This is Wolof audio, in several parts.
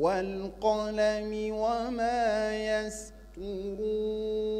والقلم وما يسطرون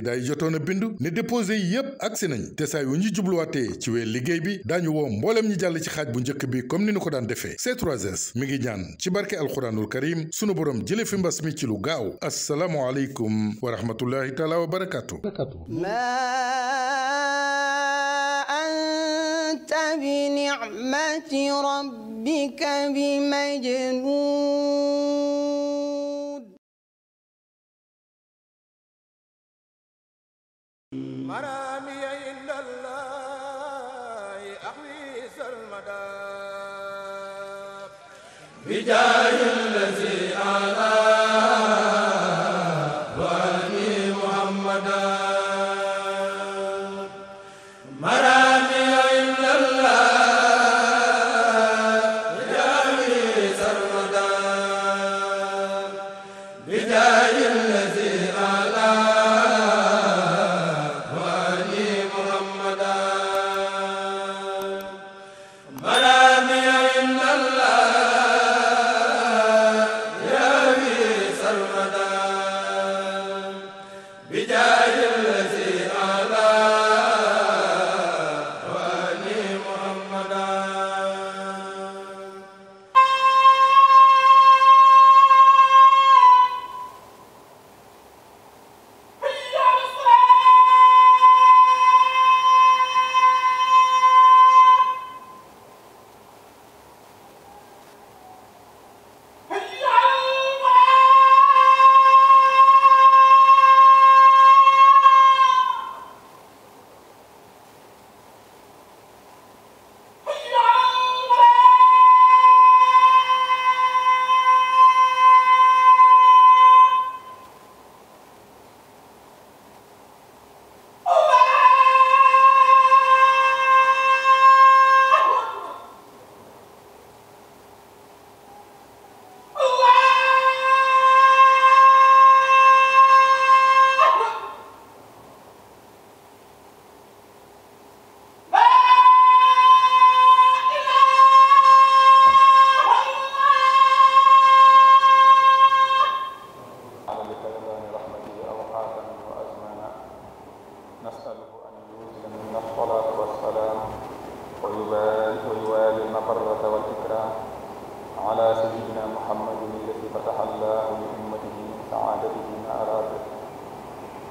candidat yi jotoon a bindu ne déposé yépp agsi nañ te saa ñu jubluwaatee ci weer liggéey bi daañu woo mbooleem ñi jàll ci xaaj bu njëkk bi comme ni ñu ko daan defee C3S mi ngi ñaan ci barke alxuraanul karim sunu borom jële fi mbas mi ci lu gaaw assalaamu aleykum wa rahmatullahi wa barakaatu anta bi ni'mati rabbika bi majnun مرامي عند الله أحوي سلمدا بجاه الذي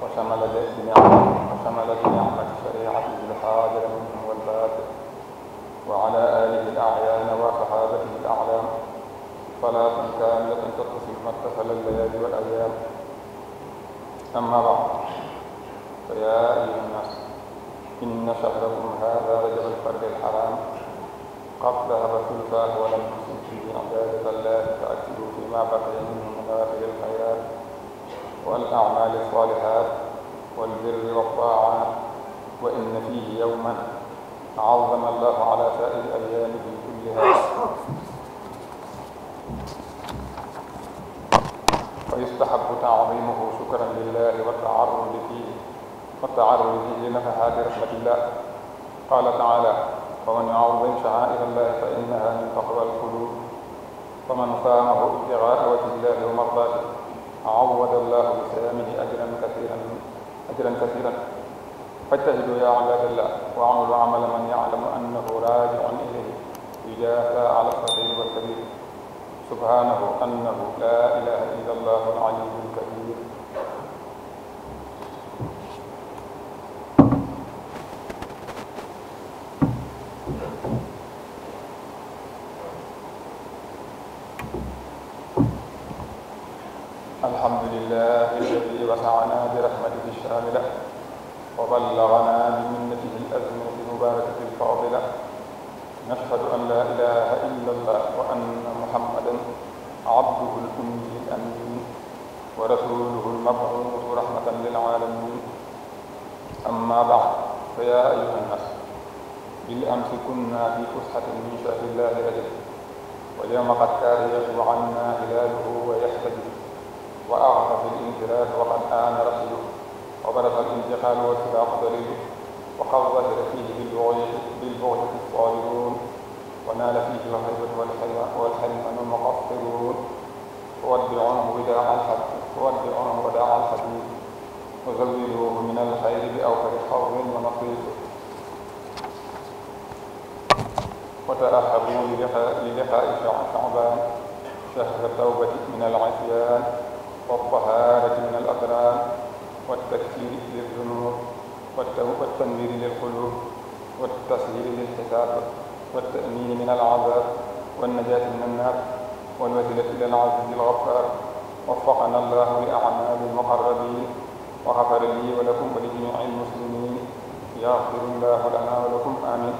وشملت بنعمة وشملت بنعمة الشريعة الحاضر منه والباطل وعلى آله الأعيان وصحابته الأعلام صلاة كاملة تتصل ما اتصل الليالي والأيام أما بعد فيا أيها الناس إن شهركم هذا رجب الفرد الحرام قد ذهب سلطان ولم تسلم فيه عبادة الله فأكثروا فيما بقي منه من هذه الحياة والأعمال الصالحات والبر والطاعات وإن فيه يوما عظم الله على سائر أيامه كلها ويستحب تعظيمه شكرا لله والتعرض فيه والتعرض فيه لنفحات رحمة الله قال تعالى ومن يعظم شعائر الله فإنها من تقوى القلوب ومن صامه ابتغاء وجه الله ومرضاته عوض الله بسلامه أجرا كثيرا أجرا كثيرا فاجتهدوا يا عباد الله واعملوا عمل من يعلم أنه راجع إليه يجازى على الصغير والكبير سبحانه أنه لا إله إلا الله العلي وبلغنا بمنته الأزمة المباركة الفاضلة نشهد أن لا إله إلا الله وأن محمدا عبده الأمي الأمين ورسوله المبعوث رحمة للعالمين أما بعد فيا أيها الناس بالأمس كنا في فسحة من شهر الله أجل واليوم قد كاد يغيب عنا هلاله ويحتجب وأعرف الانفراد وقد آن رسوله وبلغ الانتقال والسباق دليل وقد ظهر فيه بالبغية بالبغية الصابرون ونال فيه الغيبة والحلم المقصرون ودعهم وداع الحق ودعهم وداع الحبيب وزوجوه من الخير بأوفر حظ ونصيب وتأهبوا للقاء شعبان شهر التوبة من العصيان والطهارة والتنوير للقلوب والتسهيل للحساب والتأمين من العذاب والنجاة من النار والوسيلة إلى العزيز الغفار وفقنا الله لأعمال المقربين وغفر لي ولكم ولجميع المسلمين يغفر الله لنا ولكم آمين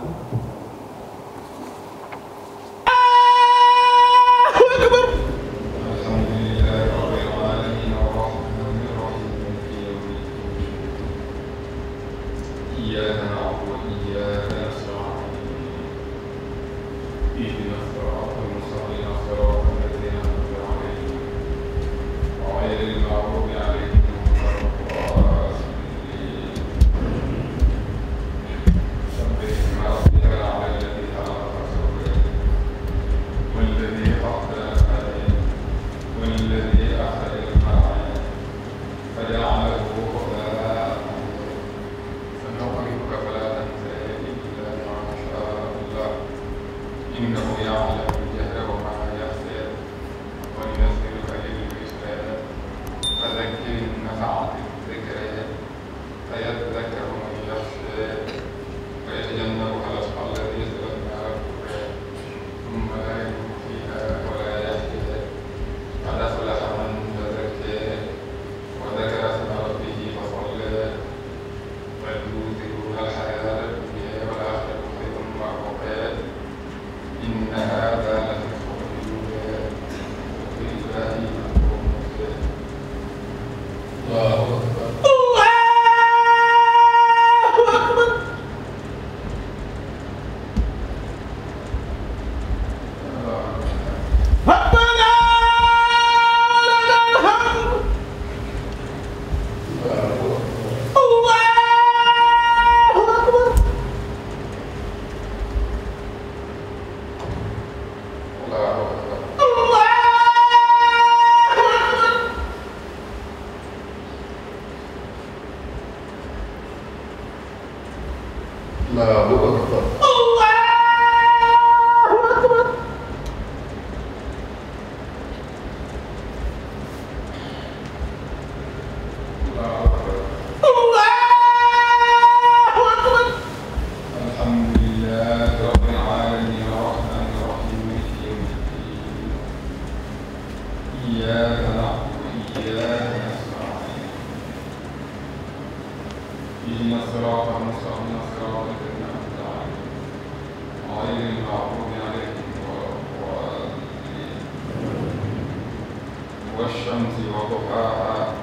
والشمس وضحاها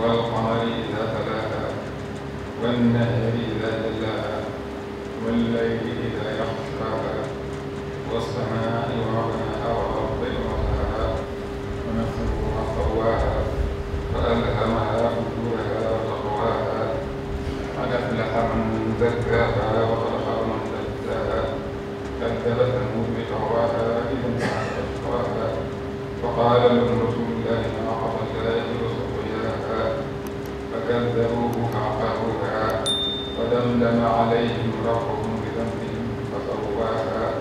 والقمر إذا تلاها والنهر إذا جلاها والليل إذا يغشاها والسماء وبناها والأرض وسعها ونفسه وسواها فألهمها فجورها وتقواها قد أفلح من زكاها وقد خاب من دساها كذبت ثمود بتقواها إذ انبعث أشقاها فقال لهم رسول فكذبوه فعقروها فدمدم عليهم ربهم بذنبهم فسواها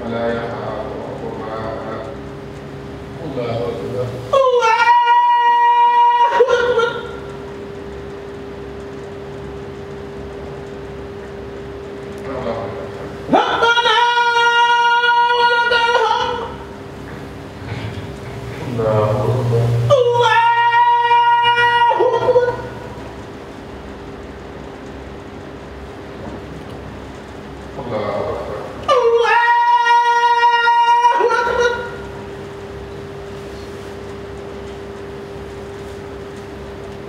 فلا يخاف عقباها الله أكبر